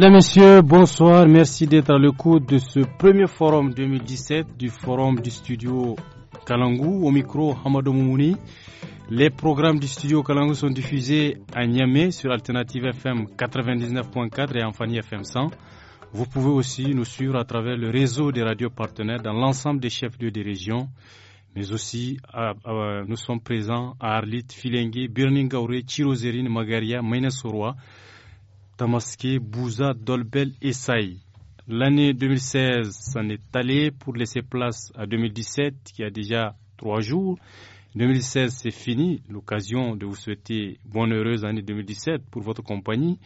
Mesdames, Messieurs, bonsoir. Merci d'être à l'écoute de ce premier forum 2017 du forum du studio Kalangou. Au micro, Hamadou Moumouni. Les programmes du studio Kalangou sont diffusés à Niamey sur Alternative FM 99.4 et en Fanny FM 100. Vous pouvez aussi nous suivre à travers le réseau des radios partenaires dans l'ensemble des chefs-lieux des régions, mais aussi nous sommes présents à Arlit, Filengue, Birningaure, Chirozérine, Magaria, Maynesoroa. Tamaske, Bouza, Dolbel et Saï. L'année 2016 s'en est allée pour laisser place à 2017 qui a déjà trois jours. 2016, c'est fini. L'occasion de vous souhaiter bonne heureuse année 2017 pour votre compagnie.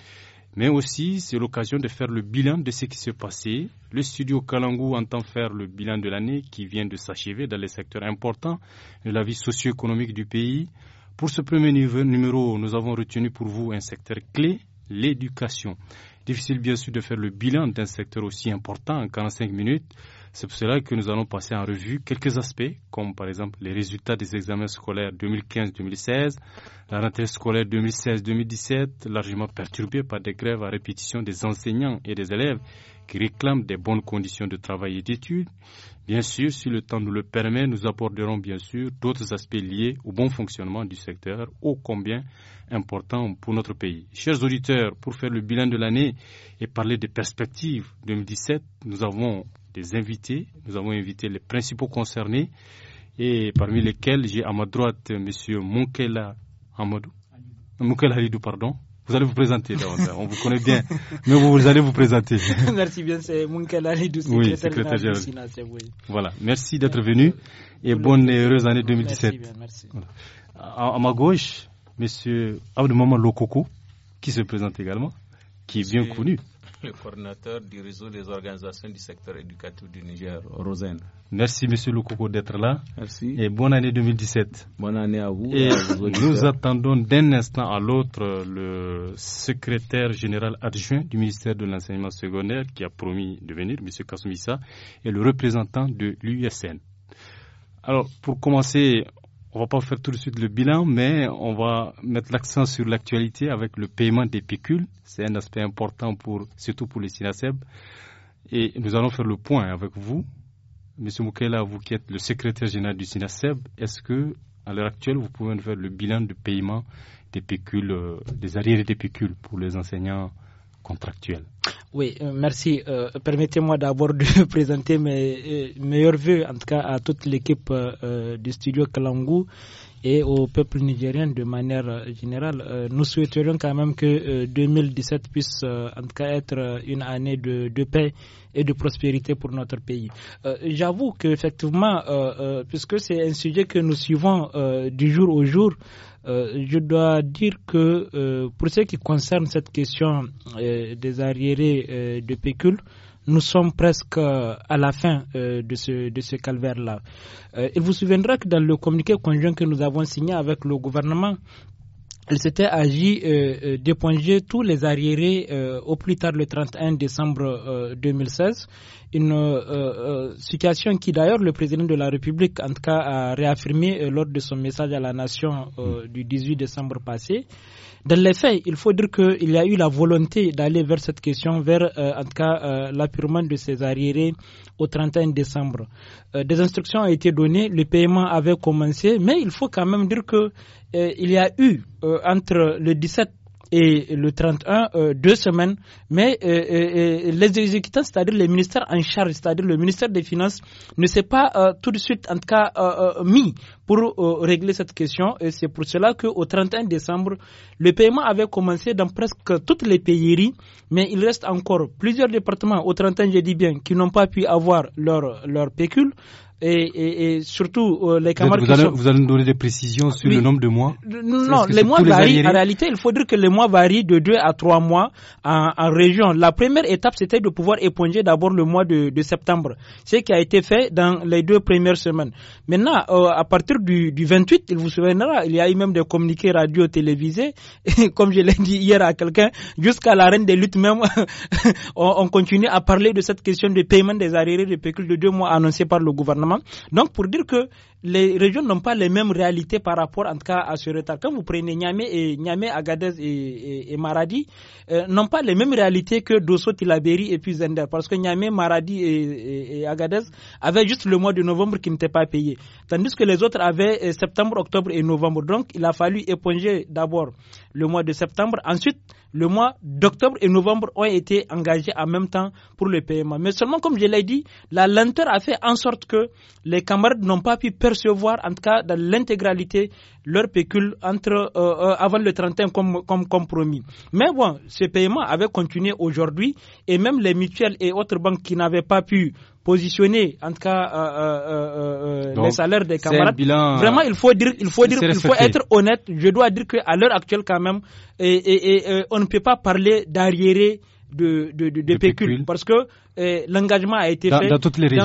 Mais aussi, c'est l'occasion de faire le bilan de ce qui s'est passé. Le studio Kalangou entend faire le bilan de l'année qui vient de s'achever dans les secteurs importants de la vie socio-économique du pays. Pour ce premier numéro, nous avons retenu pour vous un secteur clé, l'éducation. Difficile bien sûr de faire le bilan d'un secteur aussi important en 45 minutes. C'est pour cela que nous allons passer en revue quelques aspects, comme par exemple les résultats des examens scolaires 2015-2016, la rentrée scolaire 2016-2017, largement perturbée par des grèves à répétition des enseignants et des élèves qui réclament des bonnes conditions de travail et d'études. Bien sûr, si le temps nous le permet, nous aborderons bien sûr d'autres aspects liés au bon fonctionnement du secteur, ô combien important pour notre pays. Chers auditeurs, pour faire le bilan de l'année et parler des perspectives 2017, nous avons des invités. Nous avons invité les principaux concernés et parmi lesquels j'ai à ma droite M. Munkela Hamadou. Munkela pardon. Vous allez vous présenter, euh, on vous connaît bien, mais vous, allez vous présenter. merci bien, c'est Munkela Halidou, oui, secrétaire général. Voilà, merci d'être venu et bonne et heureuse année 2017. Merci, À, ma gauche, M. Abdou Maman Lokoko, qui se présente également, qui est bien connu le coordinateur du réseau des organisations du secteur éducatif du Niger, Rosen. Merci, Monsieur Loukoko, d'être là. Merci. Et bonne année 2017. Bonne année à vous. Et, nous attendons d'un instant à l'autre le secrétaire général adjoint du ministère de l'Enseignement secondaire qui a promis de venir, Monsieur Kasumissa, et le représentant de l'USN. Alors, pour commencer, on va pas faire tout de suite le bilan, mais on va mettre l'accent sur l'actualité avec le paiement des pécules. C'est un aspect important pour, surtout pour les SINACEB. Et nous allons faire le point avec vous. Monsieur Moukela, vous qui êtes le secrétaire général du SINACEB, est-ce que, à l'heure actuelle, vous pouvez nous faire le bilan du paiement des pécules, euh, des arriérés des pécules pour les enseignants contractuel Oui, euh, merci. Euh, permettez-moi d'abord de présenter mes euh, meilleurs vœux en tout cas à toute l'équipe du studio Kalangu et au peuple nigérien de manière générale. nous souhaiterions quand même que 2017 puisse en tout cas être une année de, de, paix et de prospérité pour notre pays. J'avoue qu'effectivement, puisque c'est un sujet que nous suivons du jour au jour, euh, je dois dire que euh, pour ce qui concerne cette question euh, des arriérés de pécule, nous sommes presque à la fin de ce, de ce calvaire-là. il vous souviendra que dans le communiqué conjoint que nous avons signé avec le gouvernement, il s'était agi euh, euh d'éponger tous les arriérés euh, au plus tard le 31 décembre 2016. Euh, Une situation qui d'ailleurs le président de la République en tout cas a réaffirmé lors de son message à la nation mm. du 18 décembre passé. Dans les il faut dire qu'il y a eu la volonté d'aller vers cette question, vers euh, en tout cas euh, l'appurement de ces arriérés au 31 décembre. Euh, des instructions ont été données, le paiement avait commencé, mais il faut quand même dire que euh, il y a eu entre le 17 et le 31, euh, deux semaines. Mais euh, euh, euh, les exécutants, c'est-à-dire les ministères en charge, c'est-à-dire le ministère des Finances, ne s'est pas tout de suite, en tout cas, mis pour régler cette question. Et c'est pour cela qu'au 31 décembre, le paiement avait commencé dans presque toutes les payseries mais il reste encore plusieurs départements, au 31, je dis bien, qui n'ont pas pu avoir leur, leur pécule et, surtout euh, les camarades vous, allez, vous allez nous donner des précisions sur le nombre de mois Non, les mois varient. en réalité, il faudrait que les mois varient de deux à trois mois en, région. La première étape, c'était de pouvoir éponger d'abord le mois de, septembre, ce qui a été fait dans les deux premières semaines. Maintenant, euh, à partir du, 28, il vous souviendra, il y a eu même des communiqués radio télévisés, comme je l'ai dit hier à quelqu'un, jusqu'à la reine des luttes même, on, continue à parler de cette question de paiement des arriérés de pécule de deux mois annoncés par le gouvernement. Donc, pour dire que les régions n'ont pas les mêmes réalités par rapport, en tout cas, à ce retard. Quand vous prenez Niamey et Niamey, Agadez et, Maradi, euh, n'ont pas les mêmes réalités que Dosso, Tilaberi et puis Zender. Parce que Niamey, Maradi et, Agadez avaient juste le mois de novembre qui n'était pas payé. Tandis que les autres avaient euh, septembre, octobre et novembre. Donc, il a fallu éponger d'abord le mois de septembre. Ensuite, le mois d'octobre et novembre ont été engagés en même temps pour le paiement. Mais seulement, comme je l'ai dit, la lenteur a fait en sorte que les camarades n'ont pas pu perdre recevoir en tout cas dans l'intégralité leur pécule entre euh, euh, avant le 31 comme, comme compromis. Mais bon, ces paiements avaient continué aujourd'hui et même les mutuelles et autres banques qui n'avaient pas pu positionner en tout cas euh, les salaires des camarades. Vraiment, il faut être honnête. Je dois dire qu'à l'heure actuelle quand même, on ne peut pas parler d'arriéré de, de, de, pécule, parce que eh, l'engagement a été fait dans toutes, les les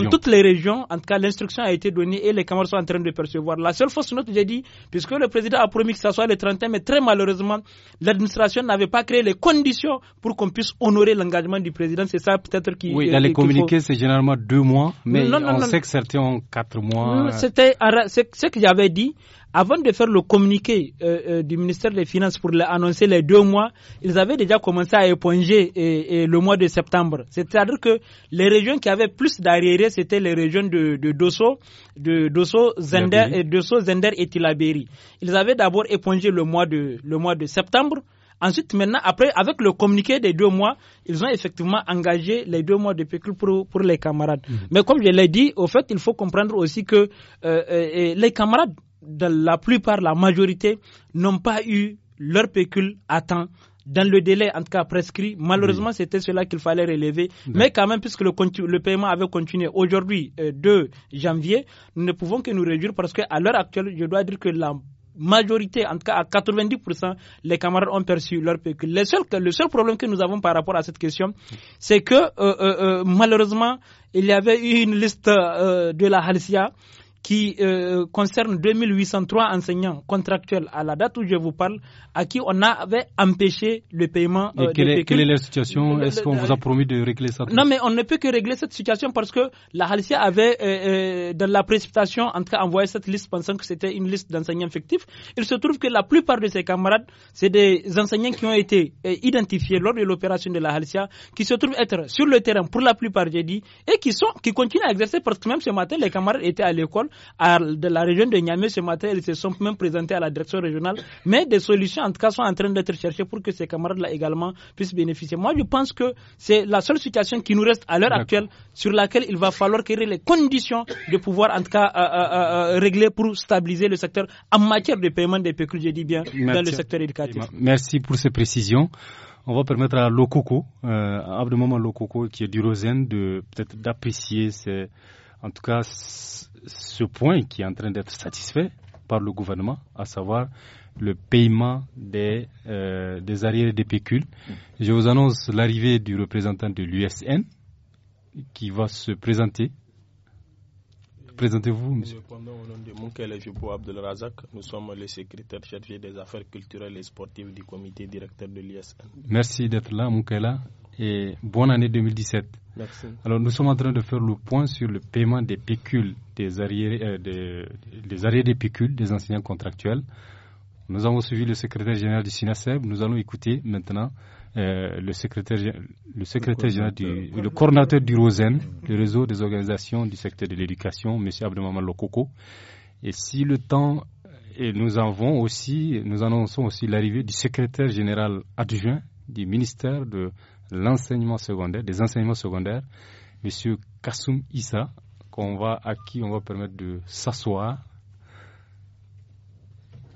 régions. En tout cas, l'instruction a été donnée et les Camerounais sont en train de percevoir. La seule fausse note, j'ai dit, puisque le président a promis que ça soit le 31, mais très malheureusement, l'administration n'avait pas créé les conditions pour qu'on puisse honorer l'engagement du président. C'est ça peut-être qui. Oui, euh, dans les communiqués, c'est généralement deux mois, mais on sait que certains ont quatre mois. C'était ce que j'avais dit. Avant de faire le communiqué euh, euh du ministère des Finances pour annoncer les deux mois, ils avaient déjà commencé à éponger euh, euh, le mois de septembre. C'est-à-dire que les régions qui avaient plus d'arriérés, c'était les régions de, de Dosso, de Dosso, Zender, et Dosso, Zender et Tilaberi. Ils avaient d'abord épongé le mois de, le mois de septembre. Ensuite, maintenant, après, avec le communiqué des deux mois, ils ont effectivement engagé les deux mois de pécule pour, pour les camarades. Mmh. Mais comme je l'ai dit, au fait, il faut comprendre aussi que euh, les camarades la plupart, la majorité, n'ont pas eu leur pécule à temps dans le délai en tout cas prescrit. Malheureusement, c'était cela qu'il fallait relever. Mais quand même, puisque le, paiement avait continué aujourd'hui, 2 euh, janvier, nous ne pouvons que nous réduire parce qu'à l'heure actuelle, je dois dire que la majorité, en tout cas à 90%, les camarades ont perçu leur pécule. Le seul, le seul problème que nous avons par rapport à cette question, c'est que euh, euh, malheureusement, il y avait une liste de la Halcia qui euh, concerne 2803 enseignants contractuels à la date où je vous parle, à qui on avait empêché le paiement. Euh, quelle, est, quelle, la situation Est-ce qu'on vous a promis de régler ça Non, mais on ne peut que régler cette situation parce que la Halcia avait, euh, euh, dans la précipitation, en train cas, envoyé cette liste pensant que c'était une liste d'enseignants fictifs. Il se trouve que la plupart de ses camarades, c'est des enseignants qui ont été euh, identifiés lors de l'opération de la Halcia, qui se trouvent être sur le terrain pour la plupart, j'ai dit, et qui sont, qui continuent à exercer parce que même ce matin, les camarades étaient à l'école de la région de Niamey ce matin, ils se sont même présentés à la direction régionale. Mais des solutions, en tout cas, sont en train d'être cherchées pour que ces camarades-là également puissent bénéficier. Moi, je pense que c'est la seule situation qui nous reste à l'heure actuelle sur laquelle il va falloir créer les conditions de pouvoir, en tout cas, euh, euh, euh, régler pour stabiliser le secteur en matière de paiement des pécules, je dis bien, dans le secteur éducatif. Merci pour ces précisions. On va permettre à Lokoko, euh, Abdelmaman Lokoko, qui est du Rosen, de peut-être d'apprécier ces en tout cas ce point qui est en train d'être satisfait par le gouvernement, à savoir le paiement des, arrières euh, des arriérés des pécules. Mm. Je vous annonce l'arrivée du représentant de l'USN qui va se présenter. Présentez-vous, monsieur. Répondons au nom de Abdelrazak. Nous sommes les secrétaires chargés des affaires culturelles et sportives du comité directeur de l'USN. Merci d'être là, Moukela et bonne année 2017. Alors nous sommes en train de faire le point sur le paiement des pécules, des arriérés, euh, des, des pécules des enseignants contractuels. Nous avons suivi le secrétaire général du SINASEB. Nous allons écouter maintenant euh, le secrétaire, le secrétaire le général du, le coordinateur du ROSEN, le réseau des organisations du secteur de l'éducation, M. Abdelmaman Lokoko. Et si le temps, euh, et nous avons aussi, nous annonçons aussi l'arrivée du secrétaire général adjoint du ministère de l'enseignement secondaire, des enseignements secondaires, M. Kassoum Issa, qu'on va, à qui on va permettre de s'asseoir.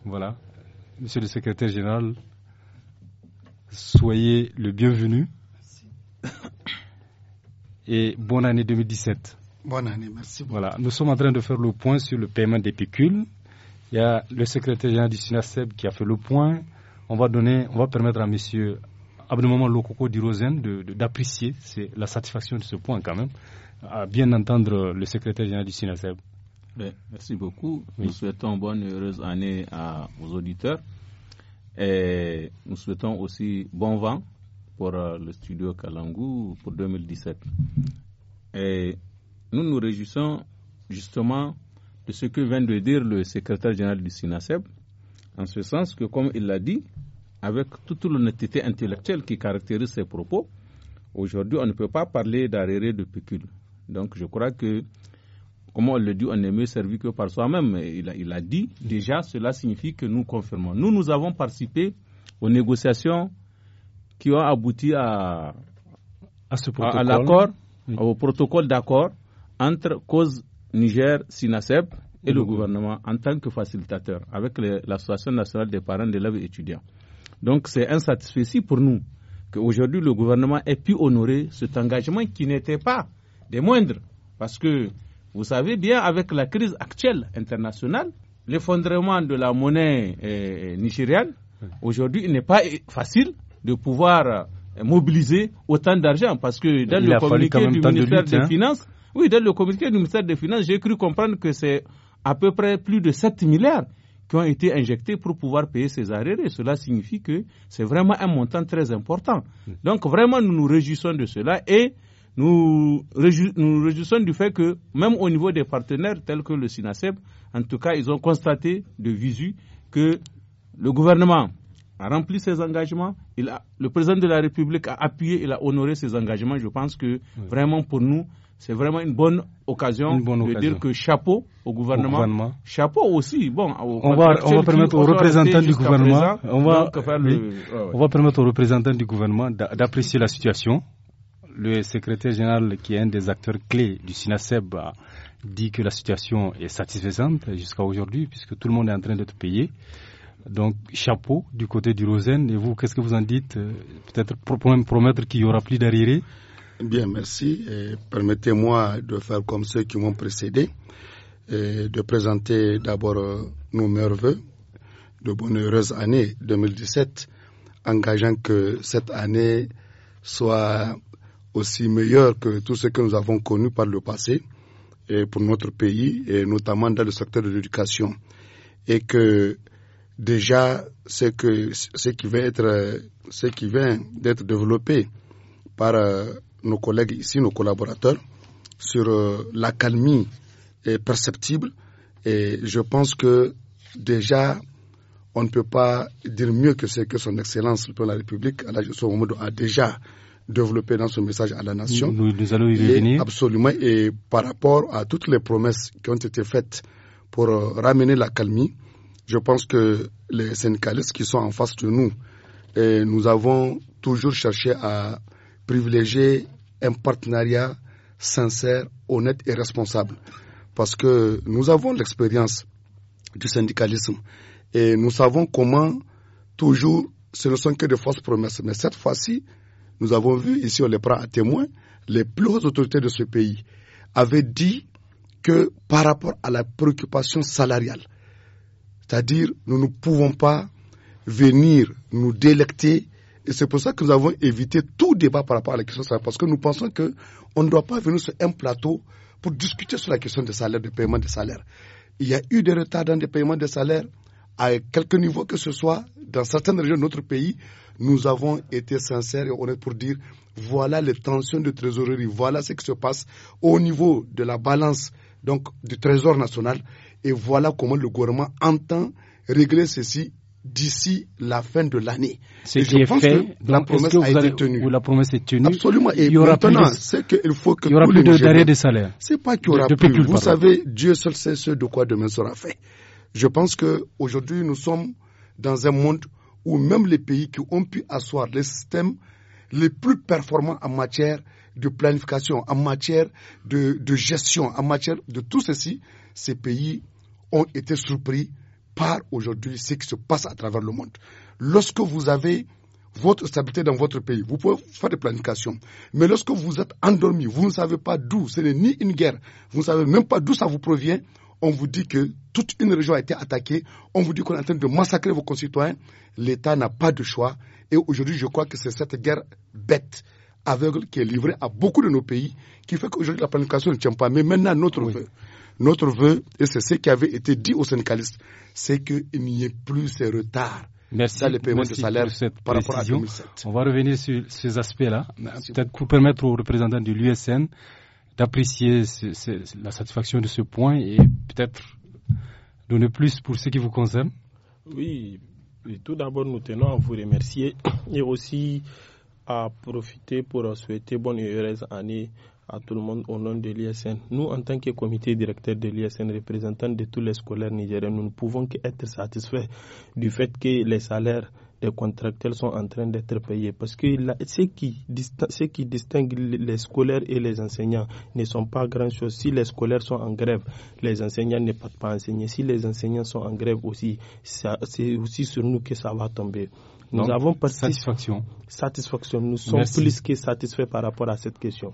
Voilà. Monsieur le secrétaire général, soyez le bienvenu. Et bonne année 2017. Bonne année, merci Voilà, nous sommes en train de faire le point sur le paiement des pécules. Il y a le secrétaire général du Seb, qui a fait le point. On va donner, on va permettre à monsieur Abdelmaman Lokoko d'Irozen d'apprécier c'est la satisfaction de ce point quand même, à bien entendre le secrétaire général du SINASEB. Merci beaucoup. Nous souhaitons bonne et heureuse année à, aux auditeurs. Et nous souhaitons aussi bon vent pour euh, le studio Kalangu pour 2017. Et nous nous réjouissons justement de ce que vient de dire le secrétaire général du SINASEB, en ce sens que, comme il l'a dit, avec toute l'honnêteté intellectuelle qui caractérise ses propos, aujourd'hui, on ne peut pas parler d'arrêt de pécule. Donc, je crois que, comme on le dit, on est mieux servi que par soi-même. Il a, dit, déjà, cela signifie que nous confirmons. Nous, nous avons participé aux négociations qui ont abouti à, l'accord, au protocole d'accord entre cause Niger, sinaseb et le gouvernement en tant que facilitateur avec l'association nationale des parents d'élèves et étudiants. Donc c'est insatisfaisant pour nous qu'aujourd'hui le gouvernement ait pu honorer cet engagement qui n'était pas des moindres. Parce que vous savez bien, avec la crise actuelle internationale, l'effondrement de la monnaie eh, nigériane, aujourd'hui, il n'est pas facile de pouvoir eh, mobiliser autant d'argent parce que dans le communiqué du ministère des hein. Finances, dans le communiqué du ministère des Finances, j'ai cru comprendre que c'est à peu près plus de 7 milliards qui ont été injectés pour pouvoir payer ces arrêts. cela signifie que c'est vraiment un montant très important. Donc vraiment, nous nous réjouissons de cela et nous nous réjouissons du fait que même au niveau des partenaires tels que le SINASEB, en tout cas, ils ont constaté de visu que le gouvernement a rempli ses engagements, il a, le président de la République a appuyé, il a honoré ses engagements. Je pense que vraiment pour nous, c'est vraiment une bonne occasion de dire que chapeau au gouvernement. Chapeau aussi. Bon, on, va, permettre aux représentants du gouvernement. on, va, permettre du gouvernement d'apprécier la situation. Le secrétaire général, qui est un des acteurs clés du SINASEB, dit que la situation est satisfaisante jusqu'à aujourd'hui, puisque tout le monde est en train d'être payé. Donc, chapeau du côté du Rosen. Et vous, qu'est-ce que vous en dites euh, Peut-être promettre qu'il y aura plus d'arriérés Bien, merci. Permettez-moi de faire comme ceux qui m'ont précédé, et de présenter d'abord euh, nos meilleurs voeux de bonne heureuse année 2017, engageant que cette année soit aussi meilleure que tout ce que nous avons connu par le passé et pour notre pays, et notamment dans le secteur de l'éducation. Et que déjà ce, que, ce qui euh, vient d'être développé par euh, nos collègues ici, nos collaborateurs, sur euh, calmie est perceptible. Et je pense que déjà, on ne peut pas dire mieux que ce que son Excellence, le président de la République, à là a déjà développé dans son message à la nation. Nous, allons y revenir. absolument. Et par rapport à toutes les promesses qui ont été faites pour euh, ramener la calmie, je pense que les syndicalistes qui sont en face de nous, et nous avons toujours cherché à privilégier un partenariat sincère, honnête et responsable. Parce que nous avons l'expérience du syndicalisme et nous savons comment toujours ce ne sont que de fausses promesses. Mais cette fois-ci, nous avons vu, ici on les prend à témoin, les plus hautes autorités de ce pays avaient dit que par rapport à la préoccupation salariale, c'est-à-dire nous ne pouvons pas venir nous délecter et c'est pour ça que nous avons évité tout débat par rapport à la question de salaire, parce que nous pensons que on ne doit pas venir sur un plateau pour discuter sur la question des salaires, des paiement des salaires. Il y a eu des retards dans les paiements de salaires à quelque niveau que ce soit, dans certaines régions de notre pays, nous avons été sincères et honnêtes pour dire voilà les tensions de trésorerie, voilà ce qui se passe au niveau de la balance donc du trésor national et voilà comment le gouvernement entend régler ceci d'ici la fin de l'année. Ce qui est fait, que la promesse a été tenue. la promesse est tenue. Absolument. Et il y aura maintenant, c'est faut que il y aura plus d'arrêt de salaire. C'est pas qu'il y aura plus. Vous savez, Dieu seul sait ce de quoi demain sera fait. Je pense que aujourd'hui, nous sommes dans un monde où même les pays qui ont pu asseoir les systèmes les plus performants en matière de planification, en matière de gestion, en matière de tout ceci, ces pays ont été surpris par aujourd'hui ce qui se passe à travers le monde. Lorsque vous avez votre stabilité dans votre pays, vous pouvez faire des planifications. Mais lorsque vous êtes endormi, vous ne savez pas d'où, ce n'est ni une guerre, vous ne savez même pas d'où ça vous provient, on vous dit que toute une région a été attaquée, on vous dit qu'on est en train de massacrer vos concitoyens, l'État n'a pas de choix. Et aujourd'hui, je crois que c'est cette guerre bête, aveugle, qui est livrée à beaucoup de nos pays, qui fait qu'aujourd'hui la planification ne tient pas. Mais maintenant, notre notre vœu, et c'est ce qui avait été dit aux syndicalistes, c'est qu'il n'y ait plus ces retards Merci, dans le paiement de salaire par rapport à 2007. On va revenir sur ces aspects-là, peut-être pour permettre aux représentants de l'USN d'apprécier la satisfaction de ce point et peut-être donner plus pour ce qui vous concerne. Oui, tout d'abord, nous tenons à vous remercier et aussi à profiter pour souhaiter bonne et heureuse année à tout le monde au nom de l'ISN. Nous, en tant que comité directeur de l'ISN, représentant de tous les scolaires nigériens, nous ne pouvons qu'être satisfaits du fait que les salaires des contractuels sont en train d'être payés. Parce que ce, qui distingue les scolaires et les enseignants ne sont pas grand-chose. Si les scolaires sont en grève, les enseignants ne peuvent pas enseigner. Si les enseignants sont en grève aussi, c'est aussi sur nous que ça va tomber. Nous avons Satisfaction. Satisfaction. Nous sommes plus que satisfaits par rapport à cette question.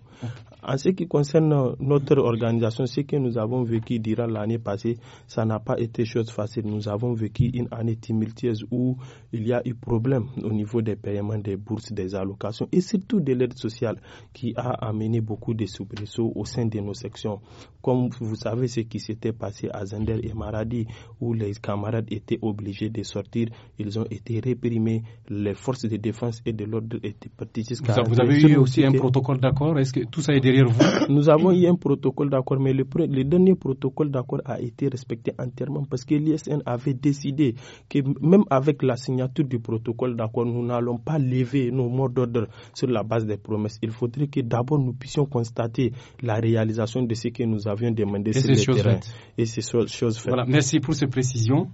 En ce qui concerne notre organisation, ce que nous avons vécu durant l'année passée, ça n'a pas été chose facile. Nous avons vécu une année tumultueuse où il y a eu problème au niveau des paiements des bourses, des allocations et surtout de l'aide sociale qui a amené beaucoup de soubresauts au sein de nos sections. Comme vous savez ce qui s'était passé à Zender et Maradi où les camarades étaient obligés de sortir, ils ont été réprimés, les forces de défense et de l'ordre étaient partis jusqu'à... Vous avez eu aussi un protocole d'accord Est-ce que tout ça est Nous avons eu un protocole d'accord, mais le, dernier protocole d'accord a été respecté entièrement parce que l'ISN avait décidé que même avec la signature du protocole d'accord, nous n'allons pas lever nos mots d'ordre sur la base des promesses. Il faudrait que d'abord nous puissions constater la réalisation de ce que nous avions demandé Et sur Et ces choses faites. merci pour ces précisions.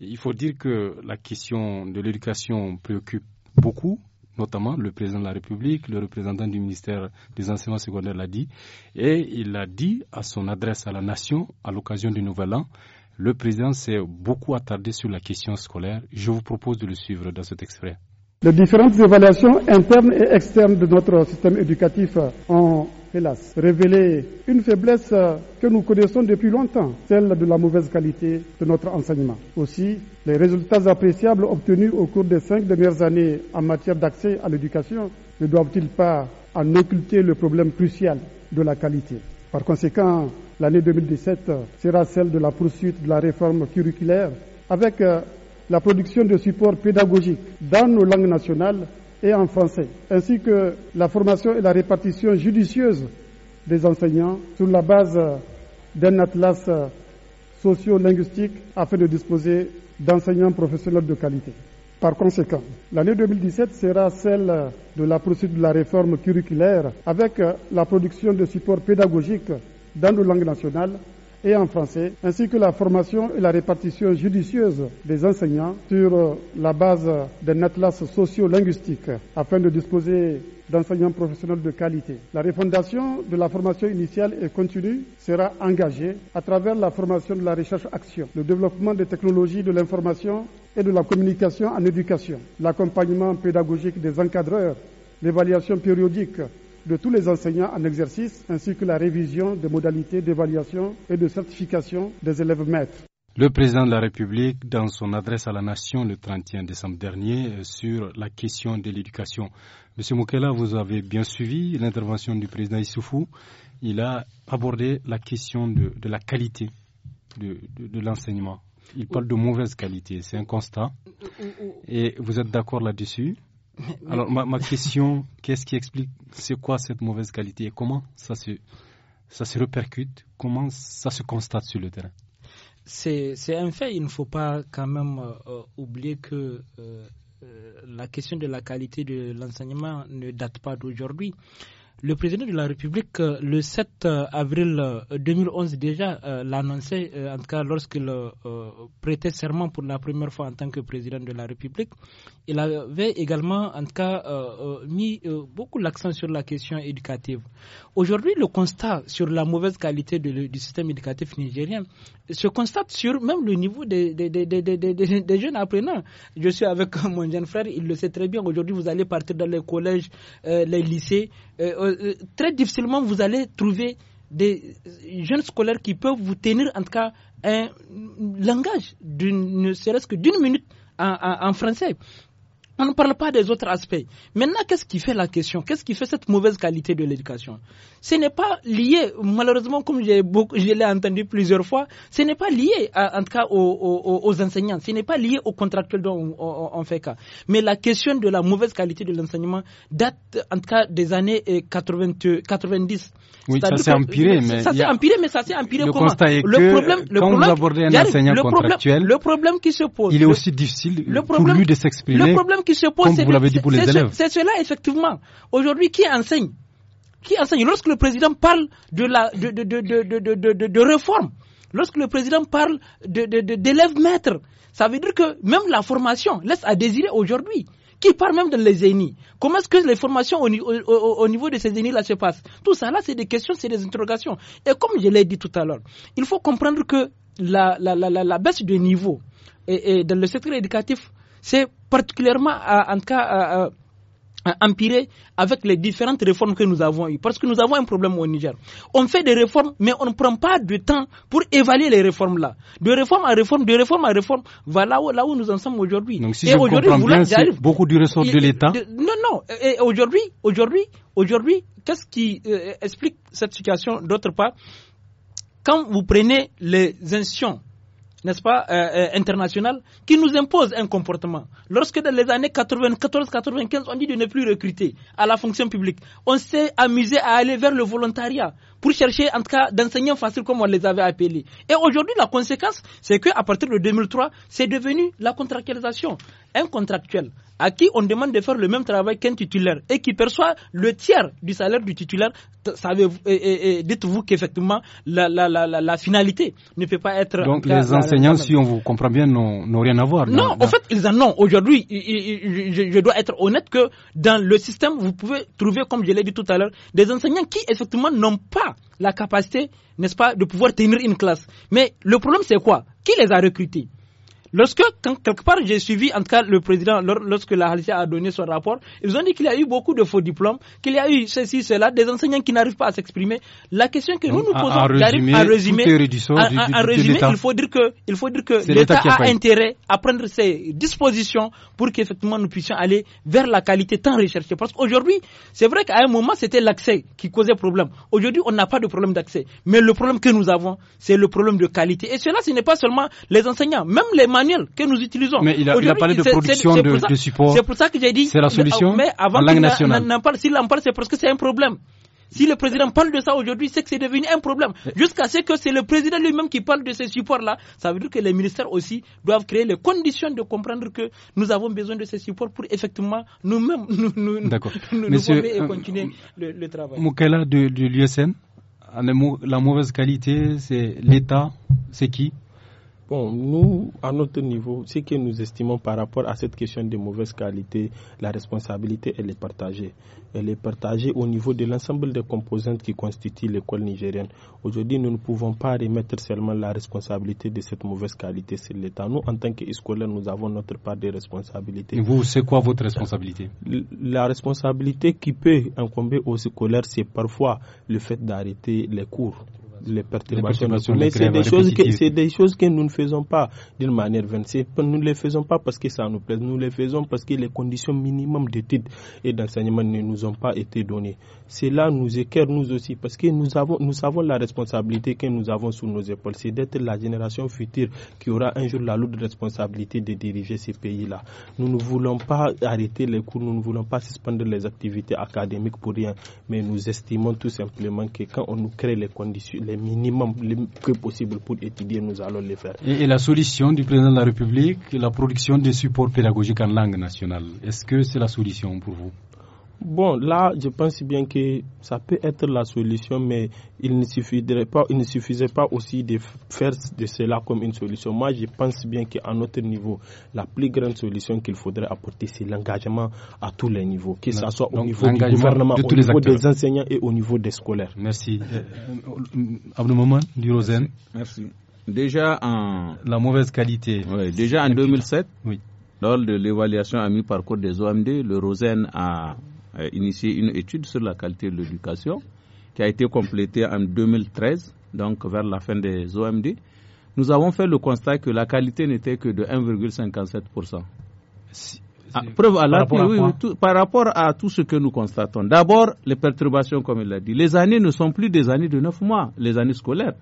il faut dire que la question de l'éducation préoccupe beaucoup notamment le président de la République, le représentant du ministère des enseignements secondaires l'a dit, et il l'a dit à son adresse à la nation à l'occasion du Nouvel An. Le président s'est beaucoup attardé sur la question scolaire. Je vous propose de le suivre dans cet extrait. Les différentes évaluations internes et externes de notre système éducatif ont hélas, révéler une faiblesse que nous connaissons depuis longtemps, celle de la mauvaise qualité de notre enseignement. Aussi, les résultats appréciables obtenus au cours des cinq dernières années en matière d'accès à l'éducation ne doivent-ils pas en occulter le problème crucial de la qualité Par conséquent, l'année 2017 sera celle de la poursuite de la réforme curriculaire avec euh, la production de supports pédagogiques dans nos langues nationales et en français, ainsi que la formation et la répartition judicieuse des enseignants sur la base d'un atlas socio-linguistique afin de disposer d'enseignants professionnels de qualité. Par conséquent, l'année 2017 sera celle de la procédure de la réforme curriculaire avec la production de supports pédagogiques dans nos langues nationales et en français, ainsi que la formation et la répartition judicieuse des enseignants sur euh, la base d'un atlas socio afin de disposer d'enseignants professionnels de qualité. La refondation de la formation initiale et continue sera engagée à travers la formation de la recherche-action, le développement des technologies de l'information et de la communication en éducation, l'accompagnement pédagogique des encadreurs, l'évaluation périodique de tous les enseignants en exercice, ainsi que la révision des modalités d'évaluation et de certification des élèves maîtres. Le président de la République, dans son adresse à la nation le 31 décembre dernier, euh, sur la question de l'éducation. Monsieur Moukela, vous avez bien suivi l'intervention du président Issoufou. Il a abordé la question de, la qualité de l'enseignement. Il parle de mauvaise qualité, c'est un constat. Et vous êtes d'accord là-dessus Alors, ma, question, qu'est-ce qui explique, c'est quoi cette mauvaise qualité et comment ça se, ça répercute, comment ça se constate sur le terrain C'est un fait, il ne faut pas quand même euh, oublier que euh, euh, la question de la qualité de l'enseignement ne date pas d'aujourd'hui. Le président de la République, le 7 avril 2011 déjà, l'annonçait, en tout cas lorsqu'il prêtait serment pour la première fois en tant que président de la République il avait également, en tout cas, euh, euh, mis euh, beaucoup l'accent sur la question éducative. Aujourd'hui, le constat sur la mauvaise qualité du système éducatif nigérien se constate sur même le niveau des, jeunes apprenants. Je suis avec mon jeune frère, il le sait très bien. Aujourd'hui, vous allez partir dans les collèges, les lycées. très difficilement, vous allez trouver des jeunes scolaires qui peuvent vous tenir, en tout cas, un langage, ne serait-ce que d'une minute en français. On ne parle pas des autres aspects. Maintenant, qu'est-ce qui fait la question Qu'est-ce qui fait cette mauvaise qualité de l'éducation Ce n'est pas lié, malheureusement, comme beaucoup, je l'ai entendu plusieurs fois, ce n'est pas lié, en tout cas, aux, enseignants. Ce n'est pas lié aux contractuels dont on, fait cas. Mais la question de la mauvaise qualité de l'enseignement date, en tout cas, des années 90. Euh, oui, ça s'est empiré, mais ça s'est empiré, mais ça s'est empiré le comment le problème, quand le problème, vous abordez un enseignant le contractuel, problème, le problème qui se pose, il est aussi difficile le pour lui de s'exprimer. Le problème se pose, c'est cela effectivement. Aujourd'hui, qui enseigne Qui enseigne Lorsque le président parle de la de, réforme, lorsque le président parle d'élèves maîtres, ça veut dire que même la formation laisse à désirer aujourd'hui qui parle même de les ennemis. Comment est-ce que les formations au, niveau de ces ennemis-là se passent Tout ça, là, c'est des questions, c'est des interrogations. Et comme je l'ai dit tout à l'heure, il faut comprendre que la, baisse de niveau et dans le secteur éducatif c'est particulièrement, euh, en cas, euh, euh, empiré avec les différentes réformes que nous avons eues. Parce que nous avons un problème au Niger. On fait des réformes, mais on ne prend pas de temps pour évaluer les réformes-là. De réforme à réforme, de réforme à réforme, voilà où, là où nous en sommes aujourd'hui. Donc si et je comprends bien, c'est beaucoup du ressort de l'État. Non, non. Et aujourd'hui, aujourd'hui, aujourd'hui, qu'est-ce qui explique cette situation D'autre part, quand vous prenez les institutions n'est-ce pas, euh, euh, international qui nous impose un comportement. Lorsque dans les années 94-95, on dit de ne plus recruter à la fonction publique, on s'est amusé à aller vers le volontariat pour chercher en tout cas d'enseignants faciles comme on les avait appelés. Et aujourd'hui, la conséquence, c'est qu'à partir de 2003, c'est devenu la contractualisation. Un contractuel à qui on demande de faire le même travail qu'un titulaire et qui perçoit le tiers du salaire du titulaire, Savez, dites-vous qu'effectivement, la, finalité ne peut pas être... Donc les enseignants, si on vous comprend bien, n'ont rien à voir. non, en fait, ils en ont. Aujourd'hui, je dois être honnête que dans le système, vous pouvez trouver, comme je l'ai dit tout à l'heure, des enseignants qui effectivement n'ont pas la capacité, n'est-ce pas, de pouvoir tenir une classe. Mais le problème, c'est quoi Qui les a recrutés Lorsque, quelque part, j'ai suivi, en tout cas, le président, lorsque la Halicia a donné son rapport, ils ont dit qu'il y a eu beaucoup de faux diplômes, qu'il y a eu ceci, cela, des enseignants qui n'arrivent pas à s'exprimer. La question que nous nous posons, j'arrive à résumer, à résumer, il faut dire que, il faut dire que l'État a, intérêt à prendre ses dispositions pour qu'effectivement nous puissions aller vers la qualité tant recherchée. Parce qu'aujourd'hui, c'est vrai qu'à un moment, c'était l'accès qui causait problème. Aujourd'hui, on n'a pas de problème d'accès. Mais le problème que nous avons, c'est le problème de qualité. Et cela, ce n'est pas seulement les enseignants, même les que nous utilisons. Mais il a, parlé de production de, supports. support. C'est pour ça que j'ai dit. C'est la solution. Mais, avant qu'il langue nationale. S'il en parle, c'est parce que c'est un problème. Si le président parle de ça aujourd'hui, c'est que c'est devenu un problème. Jusqu'à ce que c'est le président lui-même qui parle de ces supports-là, ça veut dire que les ministères aussi doivent créer les conditions de comprendre que nous avons besoin de ces supports pour effectivement nous-mêmes nous, nous, et euh, continuer le, travail. de, de la mauvaise qualité, c'est l'État, c'est qui Bon, nous, à notre niveau, ce que nous estimons par rapport à cette question de mauvaise qualité, la responsabilité, elle est partagée. Elle est partagée au niveau de l'ensemble des composantes qui constituent l'école nigérienne. Aujourd'hui, nous ne pouvons pas remettre seulement la responsabilité de cette mauvaise qualité sur l'État. Nous, en tant qu'écolaires, nous avons notre part de responsabilité. vous, c'est quoi votre responsabilité La responsabilité qui peut incomber aux scolaires, c'est parfois le fait d'arrêter les cours les perturbations. mais c'est des, choses que, des choses que nous ne faisons pas d'une manière vaine. Nous ne les faisons pas parce que ça nous plaît. Nous les faisons parce que les conditions minimum d'études et d'enseignement ne nous ont pas été données. Cela nous écarte nous aussi parce que nous avons, nous savons la responsabilité que nous avons sous nos épaules. C'est d'être la génération future qui aura un jour la lourde responsabilité de diriger ces pays-là. Nous ne voulons pas arrêter les cours, nous ne voulons pas suspendre les activités académiques pour rien, mais nous estimons tout simplement que quand on nous crée les conditions, les que possible pour étudier, nous allons les faire. Et, la solution du président de la République, la production des supports pédagogiques en langue nationale, est-ce que c'est la solution pour vous Bon, là, je pense bien que ça peut être la solution, mais il ne pas, il ne suffisait pas aussi de faire de cela comme une solution. Moi, je pense bien qu'à notre niveau, la plus grande solution qu'il faudrait apporter, c'est l'engagement à tous les niveaux, que ce soit au niveau du gouvernement, au niveau des enseignants et au niveau des scolaires. Merci. Euh, euh, Abdou moment, du Rosen. Merci. Déjà en. La mauvaise qualité. déjà en 2007, oui. lors de l'évaluation à mi-parcours des OMD, le Rosen a a euh, initié une étude sur la qualité de l'éducation qui a été complétée en 2013, donc vers la fin des OMD. Nous avons fait le constat que la qualité n'était que de 1,57%. Ah, preuve à par, rapport à tout, par rapport à tout ce que nous constatons. D'abord, les perturbations, comme il l'a dit. Les années ne sont plus des années de 9 mois, les années scolaires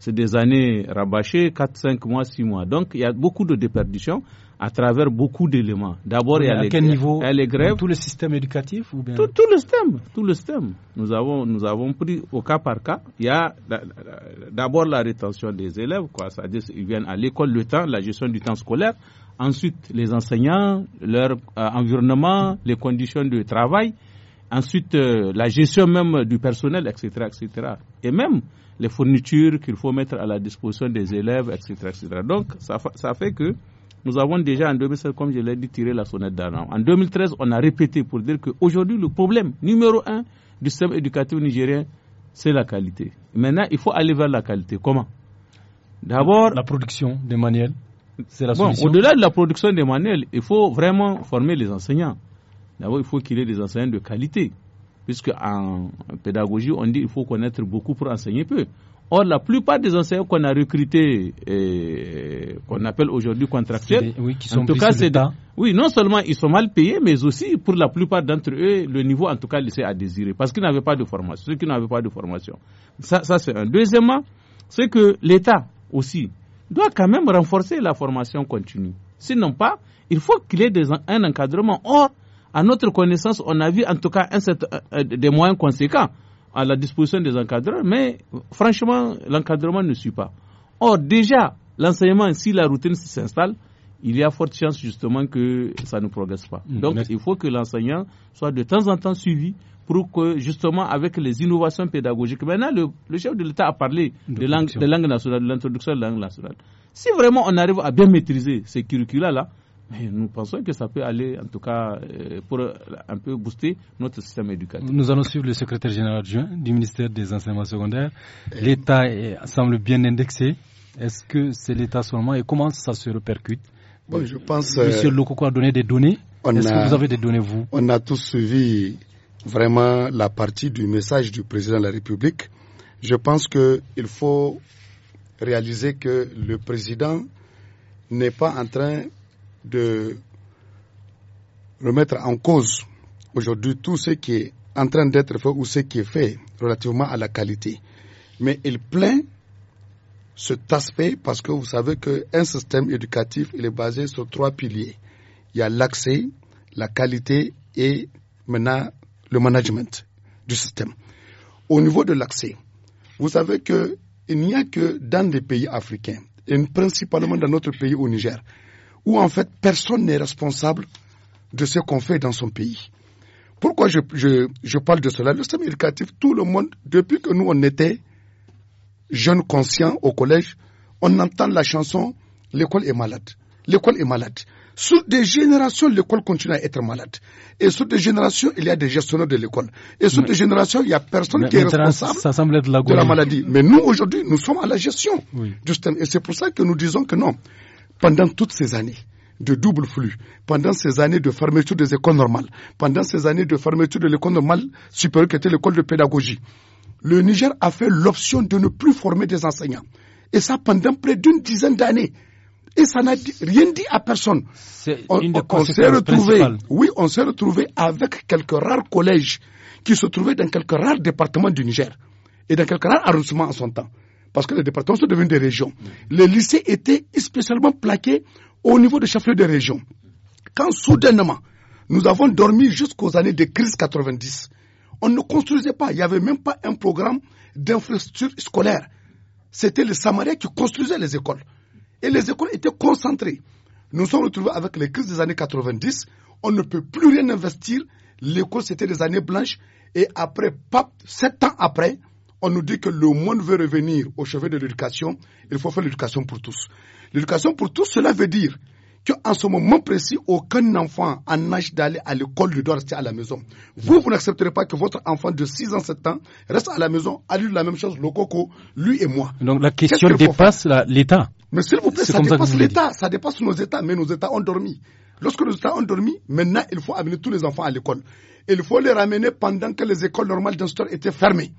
c'est des années rabâchées, 4, 5 mois, 6 mois. Donc, il y a beaucoup de déperditions à travers beaucoup d'éléments. D'abord, il y a les, grèves, niveau Tout le système éducatif ou tout, le système. Tout le Nous avons, nous avons pris au cas par cas. Il y a d'abord la rétention des élèves, quoi. ça dire qu'ils viennent à l'école le temps, la gestion du temps scolaire. Ensuite, les enseignants, leur euh, environnement, les conditions de travail. Ensuite, euh, la gestion même du personnel, etc., etc. Et même les fournitures qu'il faut mettre à la disposition des élèves, etc. etc. Donc, ça, ça, fait que nous avons déjà en 2007 comme je l'ai dit, tiré la sonnette d'alarme. En 2013, on a répété pour dire qu'aujourd'hui, le problème numéro un du système éducatif nigérien, c'est la qualité. Maintenant, il faut aller vers la qualité. Comment D'abord. La production des manuels. C'est la au-delà de la production des manuels, il faut vraiment former les enseignants. D'abord, il faut qu'il y ait des enseignants de qualité puisque en pédagogie, on dit qu'il faut connaître beaucoup pour enseigner peu. Or, la plupart des enseignants qu'on a recrutés, eh, qu'on appelle aujourd'hui contractuels, oui, en tout cas, c'est oui, non seulement ils sont mal payés, mais aussi pour la plupart d'entre eux, le niveau en tout cas à désirer, parce qu'ils n'avaient pas de formation, ceux qui n'avaient pas de formation. Ça, ça c'est un. Deuxièmement, c'est que l'État aussi doit quand même renforcer la formation continue. Sinon pas, il faut qu'il y ait un encadrement. Or, à notre connaissance, on a vu en tout cas euh, euh, des moyens conséquents à la disposition des encadreurs, mais franchement, l'encadrement ne suit pas. Or, déjà, l'enseignement, si la routine s'installe, il y a forte chance justement que ça ne progresse pas. Mm, Donc, il faut que l'enseignant soit de temps en temps suivi pour que justement avec les innovations pédagogiques. Maintenant, le, chef de l'État a parlé de langue, langue nationale, de l'introduction de la langue nationale. Si vraiment on arrive à bien maîtriser ces curricula-là, nous pensons que ça peut aller, en tout cas, euh, pour euh, un peu booster notre système éducatif. Nous allons suivre le secrétaire général adjoint du ministère des enseignements secondaires. L'État semble bien indexé. Est-ce que c'est l'État seulement et comment ça se repercute Monsieur euh, Lokoko a donné des données. Est-ce que vous avez des données, vous On a tous suivi vraiment la partie du message du président de la République. Je pense qu'il faut réaliser que le président n'est pas en train de remettre en cause aujourd'hui tout ce qui est en train d'être fait ou ce qui est fait relativement à la qualité. Mais il plaint cet aspect parce que vous savez qu'un système éducatif, il est basé sur trois piliers. Il y a l'accès, la qualité et maintenant le management du système. Au niveau de l'accès, vous savez qu'il n'y a que dans des pays africains, et principalement dans notre pays au Niger, où en fait personne n'est responsable de ce qu'on fait dans son pays. Pourquoi je, parle de cela Le système éducatif, tout le monde, depuis que nous on était jeunes conscients au collège, on entend la chanson L'école est malade. L'école est malade. Sous des générations, l'école continue à être malade. Et sous des générations, il y a des gestionnaires de l'école. Et sous des générations, il n'y a personne qui est responsable de la maladie. Mais nous, aujourd'hui, nous sommes à la gestion du système. Et c'est pour ça que nous disons que non pendant toutes ces années de double flux, pendant ces années de fermeture des écoles normales, pendant ces années de fermeture de l'école normale supérieure qui était l'école de pédagogie, le Niger a fait l'option de ne plus former des enseignants. Et ça pendant près d'une dizaine d'années. Et ça n'a rien dit à personne. On, s'est retrouvé, oui, on s'est retrouvé avec quelques rares collèges qui se trouvaient dans quelques rares départements du Niger et dans quelques rares arrondissements en son temps parce que les départements sont devenus des régions. Les lycées étaient spécialement plaqués au niveau des chefs-lieux des régions. Quand soudainement, nous avons dormi jusqu'aux années de crise 90, on ne construisait pas, il n'y avait même pas un programme d'infrastructure scolaire. C'était les Samariens qui construisaient les écoles. Et les écoles étaient concentrées. Nous sommes retrouvés avec les crises des années 90, on ne peut plus rien investir. L'école, c'était des années blanches. Et après, sept ans après, on nous dit que le monde veut revenir au chevet de l'éducation, il faut faire l'éducation pour tous. L'éducation pour tous, cela veut dire qu'en ce moment précis, aucun enfant en âge d'aller à l'école ne doit rester à la maison. Vous, vous n'accepterez pas que votre enfant de 6 ans, 7 ans reste à la maison, à lui la même chose, le coco, lui et moi. Donc la question dépasse l'État. Mais s'il vous plaît, ça dépasse l'État, ça dépasse nos États, mais nos États ont dormi. Lorsque nos États ont dormi, maintenant, il faut amener tous les enfants à l'école. Il faut les ramener pendant que les écoles normales d'instruction étaient fermées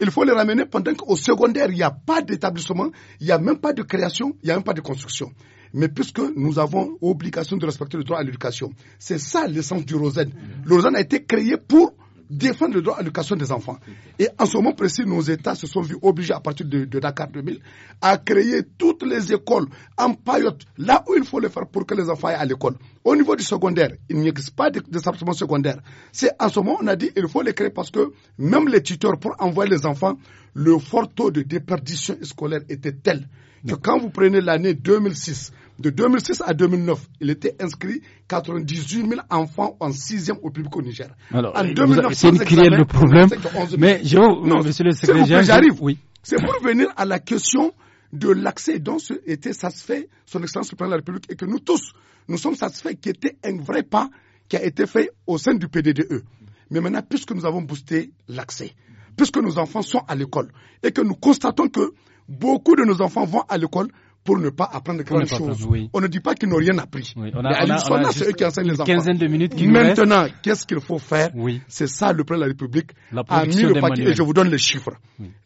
il faut les ramener pendant qu'au secondaire, il n'y a pas d'établissement, il n'y a même pas de création, il n'y a même pas de construction. Mais puisque nous avons obligation de respecter le droit à l'éducation, c'est ça l'essence du Rosen. Le Rosen a été créé pour défendre le droit à l'éducation des enfants. Et en ce moment précis, nos États se sont vus obligés, à partir de, de Dakar 2000, à créer toutes les écoles en paillotte, là où il faut le faire pour que les enfants aillent à l'école. Au niveau du secondaire, il n'existe pas de département secondaire. C'est en ce moment, on a dit, il faut les créer parce que même les tuteurs, pour envoyer les enfants, le fort taux de déperdition scolaire était tel que mm. quand vous prenez l'année 2006, de 2006 à 2009, il était inscrit 98 000 enfants en sixième au public au Niger. Alors, en 2009, c'est le problème. Mais je, non, monsieur le secrétaire, j'arrive. Oui. C'est pour venir à la question de l'accès dont était satisfait son excellence le président de la République et que nous tous, nous sommes satisfaits qui était un vrai pas qui a été fait au sein du PDDE. Mais maintenant, puisque nous avons boosté l'accès, puisque nos enfants sont à l'école et que nous constatons que beaucoup de nos enfants vont à l'école, pour ne pas apprendre quelque chose. On ne dit pas qu'ils n'ont rien appris. On a, on a, c'est eux qui enseignent les enfants. Quinzaine de minutes qui Maintenant, qu'est-ce qu'il faut faire C'est ça le président de la République a mis le paquet et je vous donne les chiffres.